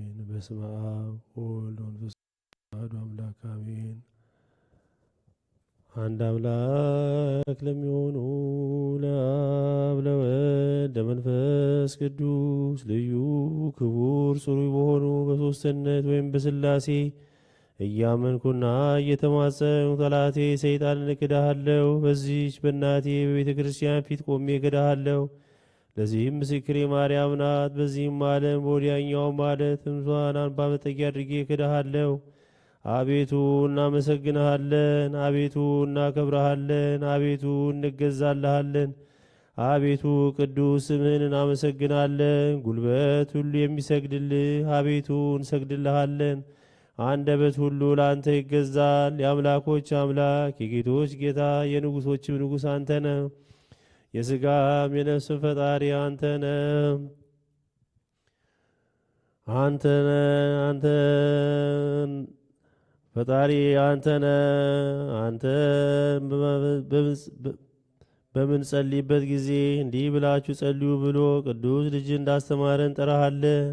አሜን። በስመ አብ ወወልድ ወመንፈስ አሐዱ አምላክ አሜን። አንድ አምላክ ለሚሆኑ ለአብ ለወልድ ለመንፈስ ቅዱስ ልዩ ክቡር ጽሩይ በሆኑ በሦስትነት ወይም በስላሴ እያመንኩና እየተማጸኑ ጠላቴ ሰይጣንን እክድሃለሁ። በዚች በእናቴ በቤተ ክርስቲያን ፊት ቆሜ እክድሃለሁ። ለዚህም ምስክሬ ማርያም ናት። በዚህም ዓለም በወዲያኛውም ማለትም እርሷን አንባ መጠጊያ አድርጌ ክድሃለሁ። አቤቱ እናመሰግንሃለን፣ አቤቱ እናከብረሃለን፣ አቤቱ እንገዛልሃለን። አቤቱ ቅዱስ ስምህን እናመሰግናለን። ጉልበት ሁሉ የሚሰግድልህ አቤቱ እንሰግድልሃለን። አንደበት ሁሉ ለአንተ ይገዛል። የአምላኮች አምላክ የጌቶች ጌታ የንጉሶችም ንጉሥ አንተ ነው። የሥጋም የነፍስ ፈጣሪ አንተ ነ አንተ አንተ ፈጣሪ አንተ ነ አንተ በምንጸልይበት ጊዜ እንዲህ ብላችሁ ጸልዩ ብሎ ቅዱስ ልጅ እንዳስተማረን ጥራሃለን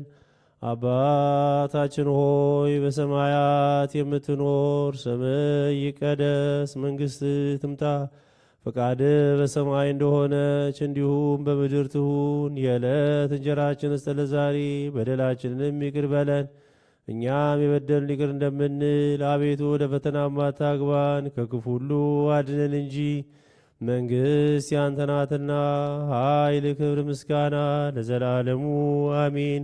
አባታችን ሆይ በሰማያት የምትኖር ስምህ ይቀደስ፣ መንግሥትህ ትምጣ ፈቃድ በሰማይ እንደሆነች እንዲሁም በምድር ትሁን። የዕለት እንጀራችን ስጠን ዛሬ፣ በደላችንንም ይቅር በለን እኛም የበደሉንን ይቅር እንደምንል። አቤቱ ወደ ፈተና አታግባን፣ ከክፉ ሁሉ አድነን እንጂ መንግሥት ያንተ ናትና፣ ኃይል፣ ክብር፣ ምስጋና ለዘላለሙ አሜን።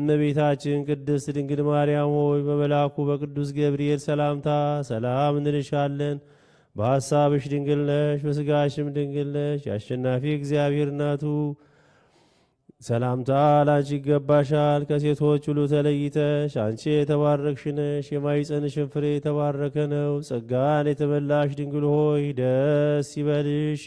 እመቤታችን ቅድስት ድንግል ማርያም ሆይ በመልአኩ በቅዱስ ገብርኤል ሰላምታ ሰላም እንልሻለን። በሐሳብሽ ድንግል ነሽ፣ በሥጋሽም ድንግል ነሽ። የአሸናፊ እግዚአብሔር እናቱ ሰላምታ ላንቺ ይገባሻል። ከሴቶች ሁሉ ተለይተሽ አንቺ የተባረክሽ ነሽ፣ የማኅፀንሽን ፍሬ የተባረከ ነው። ጸጋን የተመላሽ ድንግል ሆይ ደስ ይበልሽ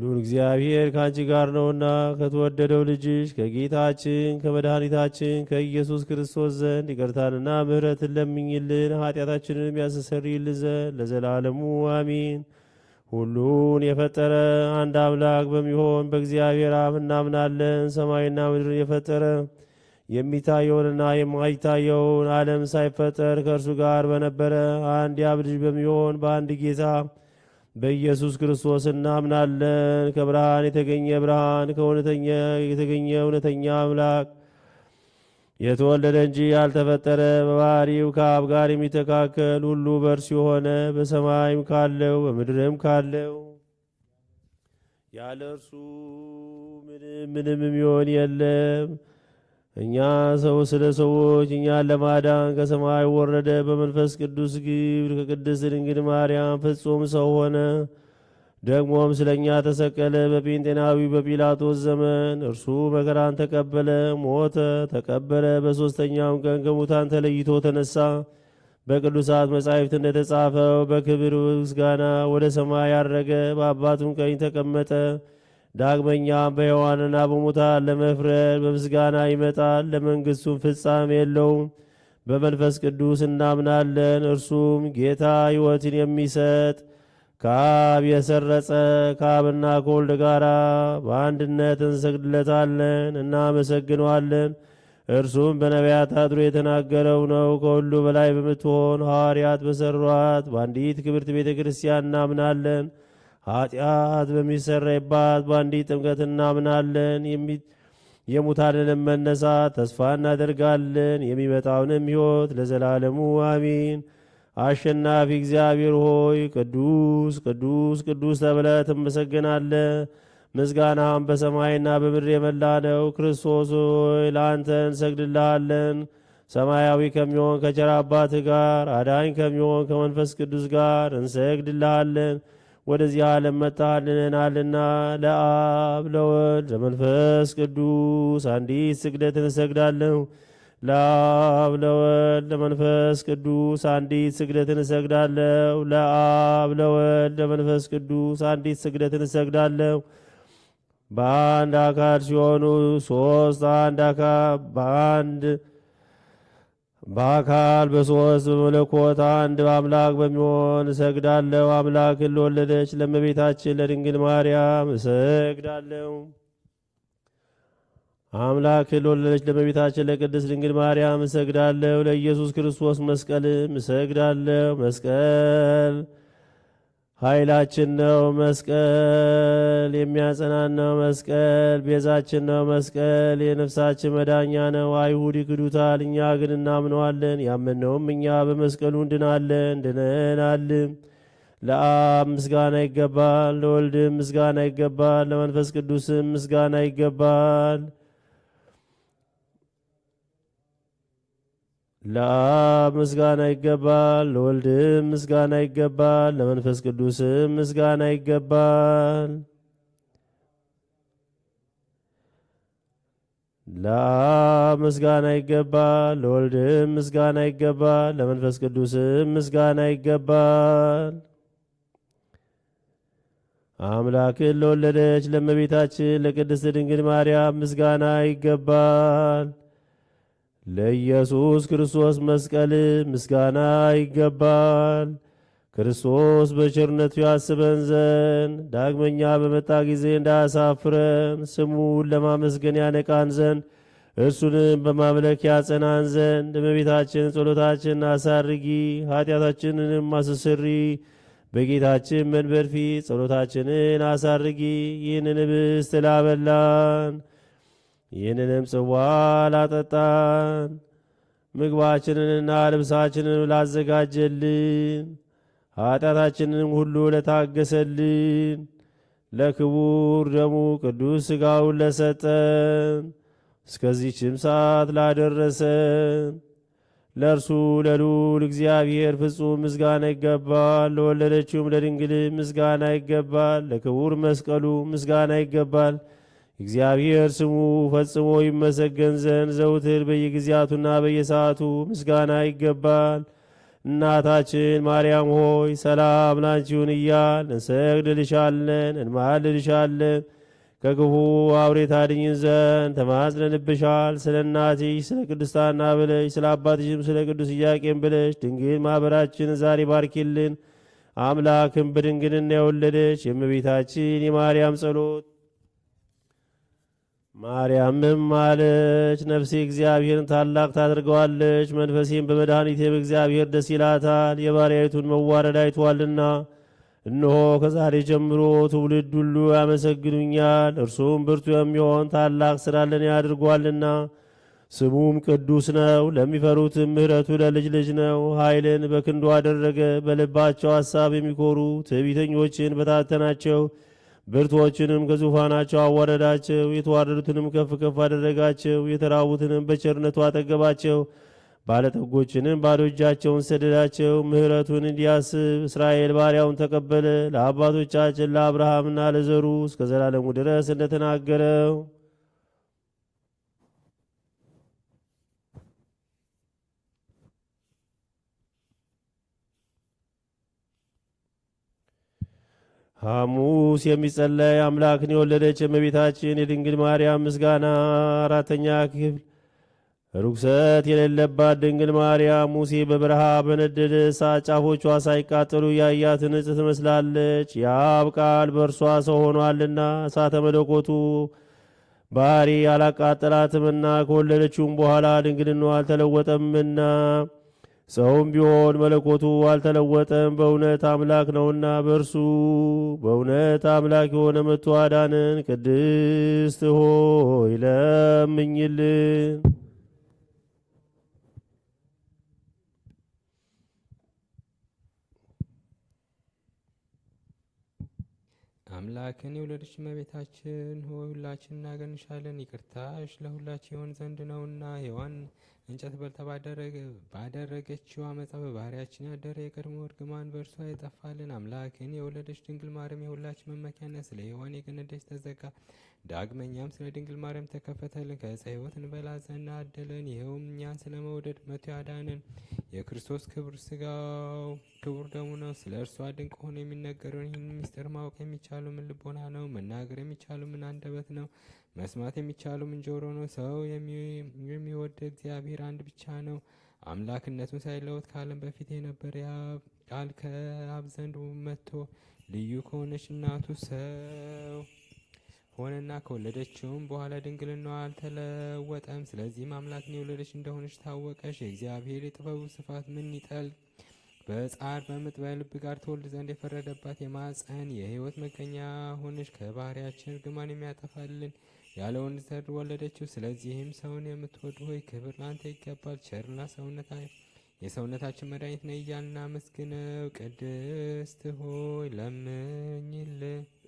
ሉል እግዚአብሔር ከአንቺ ጋር ነውና ከተወደደው ልጅሽ ከጌታችን ከመድኃኒታችን ከኢየሱስ ክርስቶስ ዘንድ ይቅርታንና ምሕረትን ለምኝልን ኃጢአታችንንም ያስተሰርይልን ዘንድ ለዘላለሙ አሚን። ሁሉን የፈጠረ አንድ አምላክ በሚሆን በእግዚአብሔር አብ እናምናለን። ሰማይና ምድርን የፈጠረ የሚታየውንና የማይታየውን ዓለም ሳይፈጠር ከእርሱ ጋር በነበረ አንድ የአብ ልጅ በሚሆን በአንድ ጌታ በኢየሱስ ክርስቶስ እናምናለን። ከብርሃን የተገኘ ብርሃን፣ ከእውነተኛ የተገኘ እውነተኛ አምላክ የተወለደ እንጂ ያልተፈጠረ በባህሪው ከአብ ጋር የሚተካከል ሁሉ በእርሱ የሆነ በሰማይም ካለው በምድርም ካለው ያለ እርሱ ምንም ምንም የሚሆን የለም። እኛ ሰው ስለ ሰዎች እኛን ለማዳን ከሰማይ ወረደ። በመንፈስ ቅዱስ ግብር ከቅድስት ድንግል ማርያም ፍጹም ሰው ሆነ። ደግሞም ስለ እኛ ተሰቀለ። በጴንጤናዊ በጲላጦስ ዘመን እርሱ መከራን ተቀበለ፣ ሞተ፣ ተቀበረ። በሦስተኛውም ቀን ከሙታን ተለይቶ ተነሳ። በቅዱሳት መጻሕፍት እንደተጻፈው በክብር ምስጋና ወደ ሰማይ አረገ፣ በአባቱም ቀኝ ተቀመጠ። ዳግመኛም በሕያዋንና በሙታን ለመፍረድ በምስጋና ይመጣል። ለመንግሥቱም ፍጻሜ የለውም። በመንፈስ ቅዱስ እናምናለን። እርሱም ጌታ ሕይወትን የሚሰጥ ከአብ የሰረጸ ከአብና ከወልድ ጋር በአንድነት እንሰግድለታለን፣ እናመሰግነዋለን። እርሱም በነቢያት አድሮ የተናገረው ነው። ከሁሉ በላይ በምትሆን ሐዋርያት በሰሯት በአንዲት ክብርት ቤተ ክርስቲያን እናምናለን። ኃጢአት በሚሰራይባት በአንዲት ጥምቀት እናምናለን። የሙታንንም መነሳት ተስፋ እናደርጋለን። የሚመጣውንም ሕይወት ለዘላለሙ አሚን። አሸናፊ እግዚአብሔር ሆይ ቅዱስ ቅዱስ ቅዱስ ተብለ ትመሰገናለ። ምስጋናም በሰማይና በምድር የመላ ነው። ክርስቶስ ሆይ ለአንተ እንሰግድልሃለን። ሰማያዊ ከሚሆን ከቸር አባትህ ጋር አዳኝ ከሚሆን ከመንፈስ ቅዱስ ጋር እንሰግድልሃለን። ወደዚህ ዓለም መጣልንናልና ለአብ ለወልድ ለመንፈስ ቅዱስ አንዲት ስግደት እንሰግዳለሁ። ለአብ ለወልድ ለመንፈስ ቅዱስ አንዲት ስግደት እንሰግዳለሁ። ለአብ ለወልድ ለመንፈስ ቅዱስ አንዲት ስግደት እንሰግዳለሁ። በአንድ አካል ሲሆኑ ሶስት አንድ አካል በአንድ በአካል በሶስት በመለኮት አንድ በአምላክ በሚሆን እሰግዳለሁ። አምላክን ለወለደች ለእመቤታችን ለድንግል ማርያም እሰግዳለሁ። አምላክን ለወለደች ለእመቤታችን ለቅድስት ድንግል ማርያም እሰግዳለሁ። ለኢየሱስ ክርስቶስ መስቀልም እሰግዳለሁ። መስቀል ኃይላችን ነው መስቀል፣ የሚያጸናን ነው መስቀል፣ ቤዛችን ነው መስቀል፣ የነፍሳችን መዳኛ ነው። አይሁድ ይክዱታል፣ እኛ ግን እናምነዋለን። ያመነውም እኛ በመስቀሉ እንድናለን ድነናል። ለአብ ምስጋና ይገባል፣ ለወልድም ምስጋና ይገባል፣ ለመንፈስ ቅዱስም ምስጋና ይገባል። ለአብ ምስጋና ይገባል፣ ለወልድም ምስጋና ይገባል፣ ለመንፈስ ቅዱስም ምስጋና ይገባል። ለአብ ምስጋና ይገባል፣ ለወልድም ምስጋና ይገባል፣ ለመንፈስ ቅዱስም ምስጋና ይገባል። አምላክን ለወለደች ለእመቤታችን ለቅድስት ድንግል ማርያም ምስጋና ይገባል። ለኢየሱስ ክርስቶስ መስቀል ምስጋና ይገባል። ክርስቶስ በቸርነቱ ያስበን ዘንድ ዳግመኛ በመጣ ጊዜ እንዳያሳፍረን ስሙን ለማመስገን ያነቃን ዘንድ እርሱንም በማምለክ ያጸናን ዘንድ እመቤታችን ጸሎታችን አሳርጊ ኃጢአታችንንም አስስሪ በጌታችን መንበር ፊት ጸሎታችንን አሳርጊ ይህንን ብስት ላበላን ይህንንም ጽዋ ላጠጣን ምግባችንንና ልብሳችንን ላዘጋጀልን ኃጢአታችንን ሁሉ ለታገሰልን ለክቡር ደሙ ቅዱስ ሥጋውን ለሰጠን እስከዚህችም ሰዓት ላደረሰን ለእርሱ ለልዑል እግዚአብሔር ፍጹም ምስጋና ይገባል። ለወለደችውም ለድንግል ምስጋና ይገባል። ለክቡር መስቀሉ ምስጋና ይገባል። እግዚአብሔር ስሙ ፈጽሞ ይመሰገን ዘንድ ዘውትር በየጊዜያቱና በየሰዓቱ ምስጋና ይገባል። እናታችን ማርያም ሆይ ሰላም ላንቺ እያል እንሰግድልሻለን፣ እንማልልሻለን። ከክፉ አውሬ ታድኝን ዘንድ ተማጽነንብሻል። ስለ እናትሽ ስለ ቅድስት ሐና ብለሽ ስለ አባትሽም ስለ ቅዱስ ኢያቄም ብለሽ ድንግል ማኅበራችን ዛሬ ባርኪልን። አምላክም በድንግልና የወለደች የእመቤታችን የማርያም ጸሎት ማርያምም አለች፣ ነፍሴ እግዚአብሔርን ታላቅ ታድርገዋለች መንፈሴም በመድኃኒቴ በእግዚአብሔር ደስ ይላታል። የባሪያይቱን መዋረድ አይቷልና፣ እነሆ ከዛሬ ጀምሮ ትውልድ ሁሉ ያመሰግኑኛል። እርሱም ብርቱ የሚሆን ታላቅ ሥራ ለእኔ አድርጓልና፣ ስሙም ቅዱስ ነው። ለሚፈሩትም ምሕረቱ ለልጅ ልጅ ነው። ኃይልን በክንዱ አደረገ፣ በልባቸው ሐሳብ የሚኮሩ ትዕቢተኞችን በታተናቸው። ብርቶችንም ከዙፋናቸው አዋረዳቸው፣ የተዋረዱትንም ከፍ ከፍ አደረጋቸው፣ የተራቡትንም በቸርነቱ አጠገባቸው፣ ባለጠጎችንም ባዶ እጃቸውን ሰደዳቸው። ምሕረቱን እንዲያስብ እስራኤል ባሪያውን ተቀበለ፣ ለአባቶቻችን ለአብርሃምና ለዘሩ እስከ ዘላለሙ ድረስ እንደተናገረው ሐሙስ የሚጸለይ አምላክን የወለደች የእመቤታችን የድንግል ማርያም ምስጋና። አራተኛ ክፍል ርኩሰት የሌለባት ድንግል ማርያም ሙሴ በበረሃ በነደደ እሳት ጫፎቿ ሳይቃጠሉ ያያት ንጽሕት ትመስላለች። የአብ ቃል በእርሷ ሰው ሆኗልና እሳተ መለኮቱ ባህሪ አላቃጠላትምና ከወለደችውም በኋላ ድንግልናዋ አልተለወጠምና ሰውም ቢሆን መለኮቱ አልተለወጠም፣ በእውነት አምላክ ነውና በእርሱ በእውነት አምላክ የሆነ መቶ አዳንን። ቅድስት ሆይ ለምኝልን። አምላክን የወለደች እመቤታችን ሆይ ሁላችን እናገንሻለን፣ ይቅርታሽ ለሁላችን የሆን ዘንድ ነውና ሔዋን እንጨት ባደረገችው አመፃ በባህሪያችን ያደረ የቀድሞ እርግማን በእርሷ የጠፋልን። አምላክን የወለደች ድንግል ማርያም የሁላችን መመኪያነት ስለ ሔዋን የገነደች ተዘጋ። ዳግመኛም ስለ ድንግል ማርያም ተከፈተልን። ከዕፀ ሕይወት እንበላ ዘንድ አደለን። ይኸውም እኛን ስለ መውደድ መቶ ያዳንን የክርስቶስ ክብር ስጋው ክቡር ደሙ ነው። ስለ እርሷ ድንቅ ሆኖ የሚነገረውን ይህን ምስጢር ማወቅ የሚቻሉ ምን ልቦና ነው? መናገር የሚቻሉ ምን አንደበት ነው? መስማት የሚቻለው ምን ጆሮ ነው? ሰው የሚወደ እግዚአብሔር አንድ ብቻ ነው። አምላክነቱን ሳይለወጥ ከዓለም በፊት የነበረ ቃል ከአብ ዘንድ መጥቶ ልዩ ከሆነች እናቱ ሰው ሆነና ከወለደችውም በኋላ ድንግልናዋ አልተለወጠም። ስለዚህም አምላክን የወለደች እንደሆነች ታወቀች። የእግዚአብሔር የጥበቡ ስፋት ምን ይጠልቅ በጻር በምጥ በልብ ጋር ተወልድ ዘንድ የፈረደባት የማፀን የህይወት መገኛ ሆነች። ከባህሪያችን እርግማን የሚያጠፋልን ያለ ወንድ ዘር ወለደችው። ስለዚህም ሰውን የምትወዱ ሆይ ክብር ላንተ ይገባል። ቸርና ሰውነታ የሰውነታችን መድኃኒት ነ እያልና መስግነው ቅድስት ሆይ ለምኝል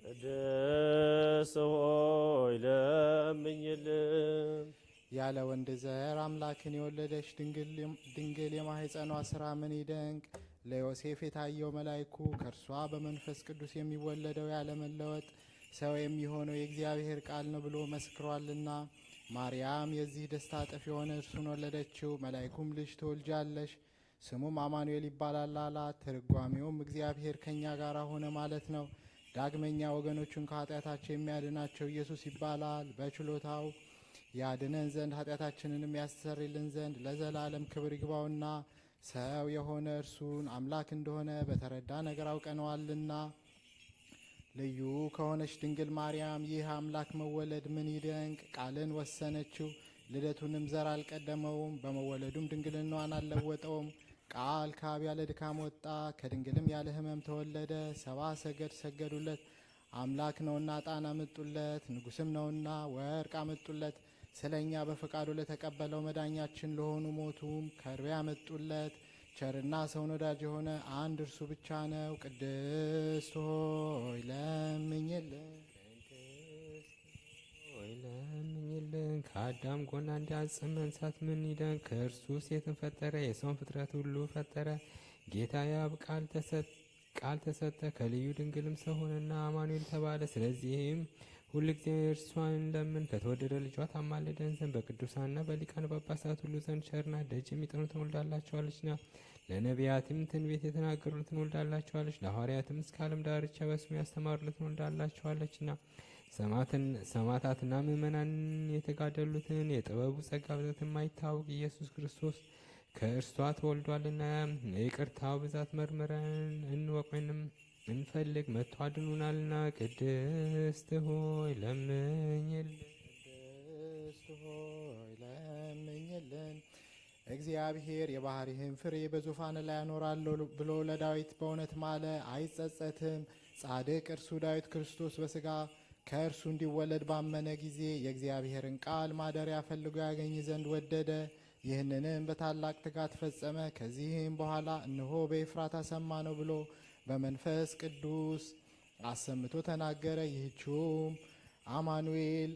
ቅድስት ሆይ ለምኝል ያለ ወንድ ዘር አምላክን የወለደች ድንግል የማህፀኗ ስራ ምን ይደንቅ! ለዮሴፍ የታየው መላይኩ ከእርሷ በመንፈስ ቅዱስ የሚወለደው ያለመለወጥ ሰው የሚሆነው የእግዚአብሔር ቃል ነው ብሎ መስክሯልና። ማርያም የዚህ ደስታ ጠፊ የሆነ እርሱን ወለደችው። መላይኩም ልጅ ትወልጃለሽ፣ ስሙም አማኑኤል ይባላል አላት። ትርጓሜውም እግዚአብሔር ከእኛ ጋር ሆነ ማለት ነው። ዳግመኛ ወገኖቹን ከኃጢአታቸው የሚያድናቸው ኢየሱስ ይባላል። በችሎታው ያድነን ዘንድ ኃጢአታችንንም ያስተሰርይልን ዘንድ ለዘላለም ክብር ይግባውና ሰው የሆነ እርሱን አምላክ እንደሆነ በተረዳ ነገር አውቀነዋልና ልዩ ከሆነች ድንግል ማርያም ይህ አምላክ መወለድ ምን ይደንቅ! ቃልን ወሰነችው፣ ልደቱንም ዘር አልቀደመውም፣ በመወለዱም ድንግልናዋን አልለወጠውም። ቃል ከአብ ያለ ድካም ወጣ፣ ከድንግልም ያለ ሕመም ተወለደ። ሰባ ሰገድ ሰገዱለት። አምላክ ነውና ዕጣን አመጡለት፣ ንጉሥም ነውና ወርቅ አመጡለት። ስለ እኛ በፈቃዱ ለተቀበለው መዳኛችን ለሆኑ ሞቱም ከርቤ አመጡለት። ቸርና ሰውን ወዳጅ የሆነ አንድ እርሱ ብቻ ነው። ቅድስት ሆይ ለምኝልን፣ ለምኝልን። ከአዳም ጎና እንዲያጽመን መንሳት ምን ይደን ከእርሱ ሴትን ፈጠረ፣ የሰውን ፍጥረት ሁሉ ፈጠረ። ጌታ ያብ ቃል ተሰጠ፣ ከልዩ ድንግልም ሰው ሆነና አማኑኤል ተባለ። ስለዚህም ሁልጊዜ እርሷን እንደምን ከተወደደ ልጇ ታማልደን ዘንድ በቅዱሳንና በሊቃነ ጳጳሳት ሁሉ ዘንድ ቸርና ደጅ የሚጠኑትን ወልዳላቸዋለችና ለነቢያትም ትንቢት የተናገሩትን ወልዳላቸዋለች ለሐዋርያትም እስከ ዓለም ዳርቻ በስሙ ያስተማሩትን ወልዳላቸዋለችና ሰማዕታትና ምዕመናን የተጋደሉትን የጥበቡ ጸጋ ብዛት የማይታወቅ ኢየሱስ ክርስቶስ ከእርሷ ተወልዷልና የቅርታው ብዛት መርምረን እንወቅንም እንፈልግ መቶ አድኑናልና ቅድስት ሆይ ለምኝልን፣ ሆይ ለምኝልን። እግዚአብሔር የባህሪህን ፍሬ በዙፋን ላይ ያኖራለሁ ብሎ ለዳዊት በእውነት ማለ፣ አይጸጸትም። ጻድቅ እርሱ ዳዊት ክርስቶስ በስጋ ከእርሱ እንዲወለድ ባመነ ጊዜ የእግዚአብሔርን ቃል ማደሪያ ፈልጎ ያገኝ ዘንድ ወደደ። ይህንንም በታላቅ ትጋት ፈጸመ። ከዚህም በኋላ እነሆ በኤፍራታ ሰማ ነው ብሎ በመንፈስ ቅዱስ አሰምቶ ተናገረ። ይህችውም አማኑኤል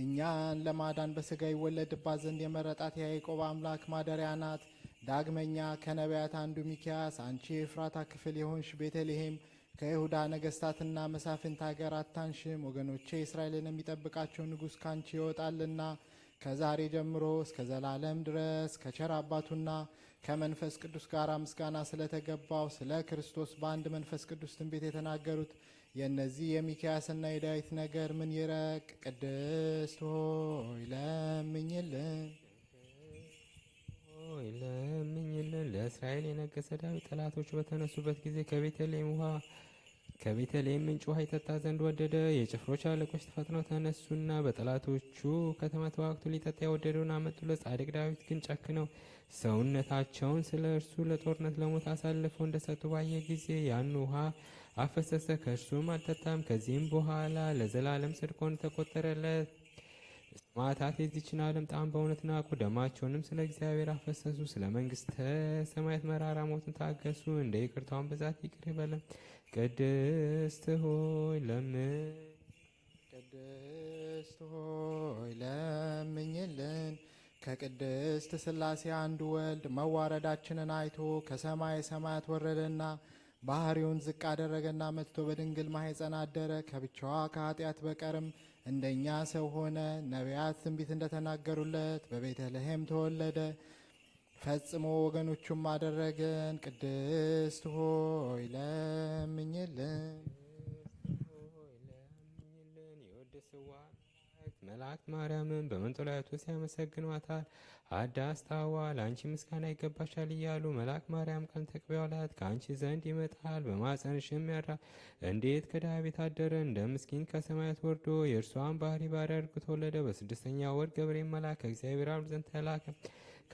እኛን ለማዳን በስጋ ይወለድባት ዘንድ የመረጣት የያዕቆብ አምላክ ማደሪያ ናት። ዳግመኛ ከነቢያት አንዱ ሚኪያስ አንቺ የፍራታ ክፍል የሆንሽ ቤተልሔም ከይሁዳ ነገስታትና መሳፍንት ሀገር አታንሽም፣ ወገኖቼ እስራኤልን የሚጠብቃቸው ንጉሥ ካንቺ ይወጣልና ከዛሬ ጀምሮ እስከ ዘላለም ድረስ ከቸር አባቱና ከመንፈስ ቅዱስ ጋር ምስጋና ስለተገባው ስለ ክርስቶስ በአንድ መንፈስ ቅዱስ ትንቢት የተናገሩት የእነዚህ የሚክያስና የዳዊት ነገር ምን ይረቅ? ቅድስት ሆይ ለምኝልን ለምኝልን። ለእስራኤል የነገሰ ዳዊት ጠላቶቹ በተነሱበት ጊዜ ከቤተልሔም ውሃ ከቤተልሔም ምንጭ ውሃ ይጠጣ ዘንድ ወደደ። የጭፍሮች አለቆች ተፈጥነው ተነሱና በጠላቶቹ ከተማ ተዋግቶ ሊጠጣ የወደደውን አመጡ። ለጻድቅ ዳዊት ግን ጨክነው ሰውነታቸውን ስለ እርሱ ለጦርነት ለሞት አሳልፈው እንደሰጡ ባየ ጊዜ ያን ውሃ አፈሰሰ፣ ከእርሱም አልጠጣም። ከዚህም በኋላ ለዘላለም ጽድቅ ሆኖ ተቆጠረለት። ሰማዕታት የዚችን ዓለም ጣም በእውነት ናቁ። ደማቸውንም ስለ እግዚአብሔር አፈሰሱ። ስለ መንግስተ ሰማያት መራራ ሞትን ታገሱ። እንደ ይቅርታውን ብዛት ይቅር ይበለን። ቅድስት ሆይ ለምን ቅድስት ሆይ ለምኝልን። ከቅድስት ስላሴ አንድ ወልድ መዋረዳችንን አይቶ ከሰማይ ሰማያት ወረደና ባህሪውን ዝቅ አደረገና መጥቶ በድንግል ማኅፀን አደረ። ከብቻዋ ከኃጢአት በቀርም እንደኛ ሰው ሆነ፣ ነቢያት ትንቢት እንደተናገሩለት በቤተልሔም ተወለደ። ፈጽሞ ወገኖቹም አደረገን። ቅድስት ሆይ ለምኝልን። መላእክት ማርያምን በመንጦላያቱ ሲያመሰግኗታል። አዳስታዋ ለአንቺ ምስጋና ይገባሻል እያሉ መልአክ ማርያም ቀን ተቀበሏት። ከአንቺ ዘንድ ይመጣል በማፀንሽም ያራ እንዴት ከዳቤት አደረ እንደ ምስኪን ከሰማያት ወርዶ የእርሷን ባህሪ ባሪያ አድርጎ ተወለደ። በስድስተኛ ወር ገብርኤል መልአክ ከእግዚአብሔር አብ ዘንድ ተላከ።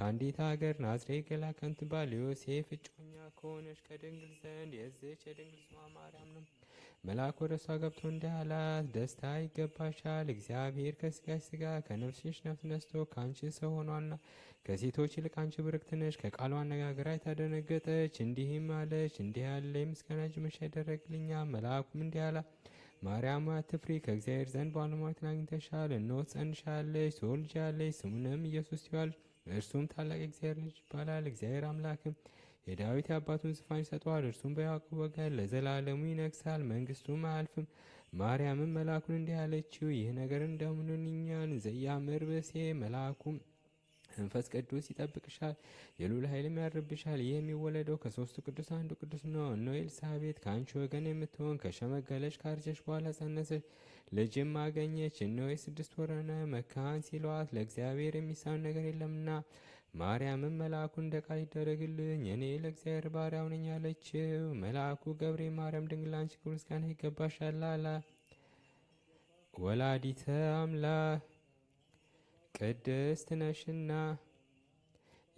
ከአንዲት ሀገር ናዝሬት ገላከን ትባል ዮሴፍ እጮኛ ከሆነች ከድንግል ዘንድ የዚች የድንግል ስሟ ማርያም ነው። መልአክ ወደ እሷ ገብቶ እንዳላት ደስታ ይገባሻል፣ እግዚአብሔር ከስጋሽ ስጋ ከነፍስሽ ነፍስ ነስቶ ከአንቺ ሰው ሆኗልና ከሴቶች ይልቅ አንቺ ብርክት ነሽ። ከቃሉ አነጋገር ታደነገጠች፣ እንዲህም አለች፣ እንዲህ ያለ የምስጋና ጅመሻ መቼ ያደረግልኛ? መልአኩም እንዲህ አላት፣ ማርያም አትፍሪ፣ ከእግዚአብሔር ዘንድ ባለሟልነትን አግኝተሻል። እነሆ ጸንሻለች፣ ትወልጃለሽ፣ ስሙንም ኢየሱስ ትይዋለሽ እርሱም ታላቅ እግዚአብሔር ልጅ ይባላል። እግዚአብሔር አምላክም የዳዊት አባቱን ዙፋን ይሰጠዋል። እርሱም በያዕቆብ ወገን ለዘላለሙ ይነግሳል፣ መንግስቱም አያልፍም። ማርያምም መልአኩን እንዲህ አለችው፣ ይህ ነገር እንደምንኛን ዘያምር ብእሴ መልአኩም መንፈስ ቅዱስ ይጠብቅሻል፣ የሉል ኃይልም ያድርብሻል። ይህ የሚወለደው ከሶስቱ ቅዱስ አንዱ ቅዱስ ነው። እነሆ ኤልሳቤጥ ከአንቺ ወገን የምትሆን ከሸመገለች ካርጀሽ በኋላ ጸነሰች፣ ልጅም አገኘች። እነሆ የስድስት ወረነ መካን ሲሏት ለእግዚአብሔር የሚሳን ነገር የለምና። ማርያምም መልአኩ እንደ ቃል ይደረግልኝ እኔ ለእግዚአብሔር ባሪያው ነኝ አለችው። መልአኩ ገብሬ ማርያም ድንግል አንቺ ክብር ምስጋና ይገባሻል አላ ወላዲተ አምላክ ቅድስት ነሽና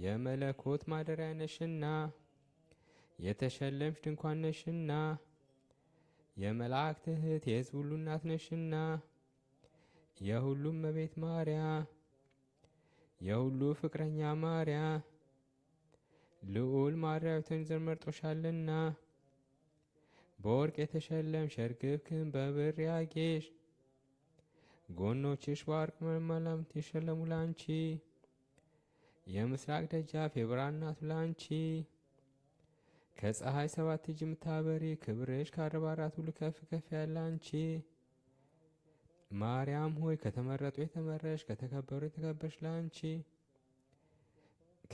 የመለኮት ማደሪያ ነሽና የተሸለምሽ ድንኳን ነሽና የመላእክት እህት የሕዝብ ሁሉ እናት ነሽና የሁሉም መቤት ማርያ የሁሉ ፍቅረኛ ማርያ ልዑል ማደሪያዊትን ዘር መርጦሻልና በወርቅ የተሸለምሽ እርግብ ክን በብር ያጌሽ ጎኖችሽ በወርቅ መመለምት የሸለሙ ላንቺ የምስራቅ ደጃፍ የብርሃን እናቱ ላንቺ ከፀሐይ ሰባት እጅ የምታበሪ ክብርሽ ከአርባ ሁሉ ከፍ ከፍ ያለ አንቺ ማርያም ሆይ ከተመረጡ የተመረሽ ከተከበሩ የተከበርሽ ላንቺ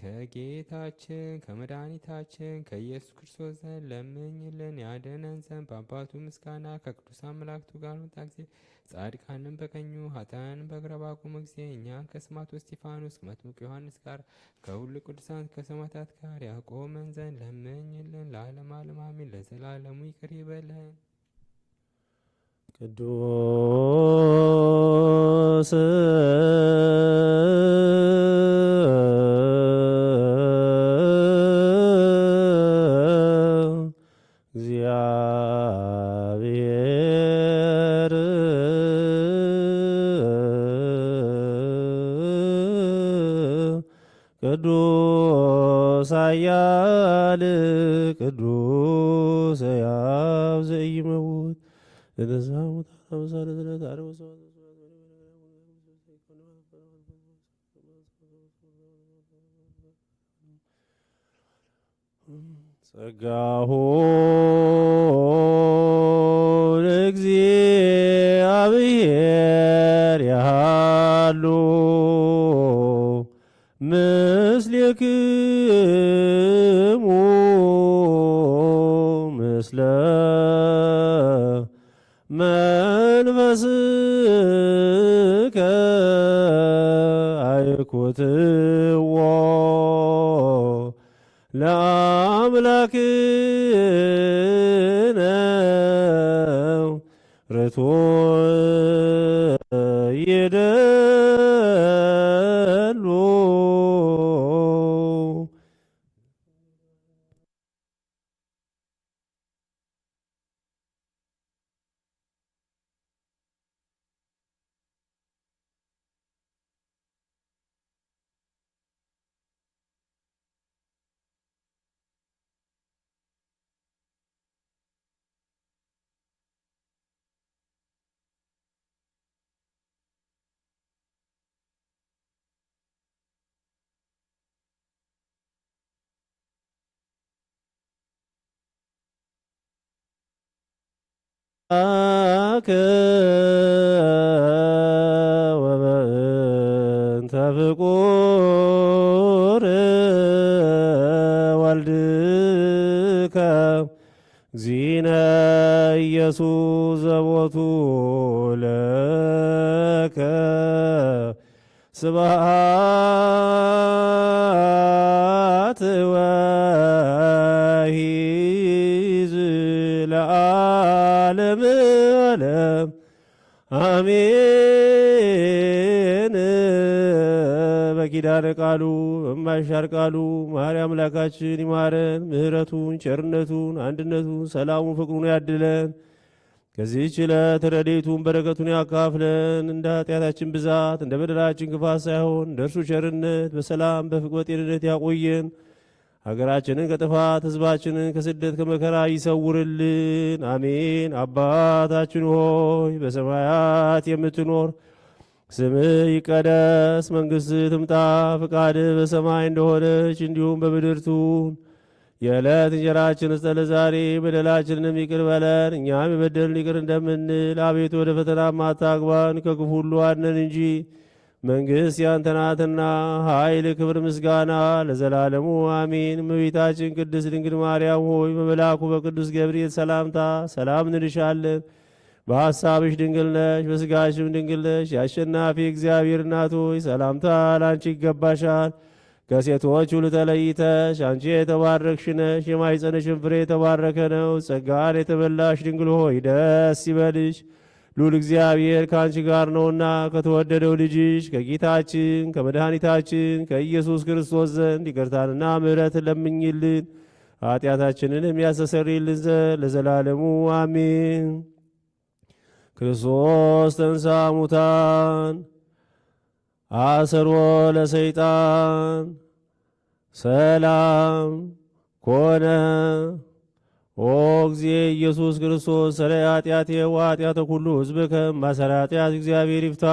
ከጌታችን ከመድኃኒታችን ከኢየሱስ ክርስቶስ ዘንድ ለምኝልን ያደነን ዘንድ በአባቱ ምስጋና ከቅዱሳን መላእክቱ ጋር መጣ ጊዜ ጻድቃንን በቀኙ ኃጥአንን በግራ ባቆመ ጊዜ እኛን ከስማቱ እስጢፋኖስ ከመጥምቁ ዮሐንስ ጋር ከሁሉ ቅዱሳን ከሰማዕታት ጋር ያቆመን ዘንድ ለምኝልን። ለዓለም ዓለም አሜን። ለዘላለሙ ይቅር ይበለን። ቅዱስ ጸጋሁ አምላክ ወበእንተ ፍቁር ወልድከ እግዚእነ ኢየሱስ ዘቦቱ ለከ ስብሐት አሜን በኪዳነ ቃሉ በማይሻር ቃሉ ማርያም አምላካችን ይማረን። ምሕረቱን ቸርነቱን አንድነቱን ሰላሙን ፍቅሩን ያድለን። ከዚህች ዕለት ረድኤቱን በረከቱን ያካፍለን። እንደ ኃጢአታችን ብዛት እንደ በደላችን ክፋት ሳይሆን እንደ እርሱ ቸርነት በሰላም በፍቅር በጤንነት ያቆየን። ሀገራችንን ከጥፋት ህዝባችንን ከስደት ከመከራ ይሰውርልን። አሜን። አባታችን ሆይ በሰማያት የምትኖር ስም ይቀደስ፣ መንግሥትህ ትምጣ፣ ፍቃድ በሰማይ እንደሆነች እንዲሁም በምድር ትሁን። የዕለት እንጀራችን ስጠን ዛሬ፣ በደላችንንም ይቅር በለን እኛም የበደልን ይቅር እንደምንል፣ አቤቱ ወደ ፈተና ማታግባን ከክፉ ሁሉ አድነን እንጂ መንግሥት ያንተ ናትና ኃይል፣ ክብር፣ ምስጋና ለዘላለሙ አሚን። እመቤታችን ቅድስት ድንግል ማርያም ሆይ በመልአኩ በቅዱስ ገብርኤል ሰላምታ ሰላም እንልሻለን። በሐሳብሽ ድንግል ነሽ፣ በሥጋሽም ድንግል ነሽ። የአሸናፊ እግዚአብሔር እናት ሆይ ሰላምታ ላንቺ ይገባሻል። ከሴቶች ሁሉ ተለይተሽ አንቺ የተባረክሽ ነሽ፣ የማይጸነሽን ፍሬ የተባረከ ነው። ጸጋን የተመላሽ ድንግል ሆይ ደስ ይበልሽ ሉል እግዚአብሔር ከአንቺ ጋር ነውና ከተወደደው ልጅሽ ከጌታችን ከመድኃኒታችን ከኢየሱስ ክርስቶስ ዘንድ ይቅርታንና ምሕረትን ለምኝልን ኃጢአታችንን የሚያስተሰርይልን ዘንድ ለዘላለሙ አሜን። ክርስቶስ ተንሳሙታን ሙታን አሰሮ ለሰይጣን ሰላም ኮነ ኦ ጊዜ ኢየሱስ ክርስቶስ ሰለ ኃጢአቴ ወኃጢአተ ኩሉ ሕዝብ ከማሰረ ኃጢአት እግዚአብሔር ይፍታ።